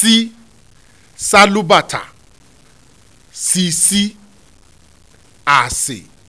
sí salubata. sisi àsè. Si, si,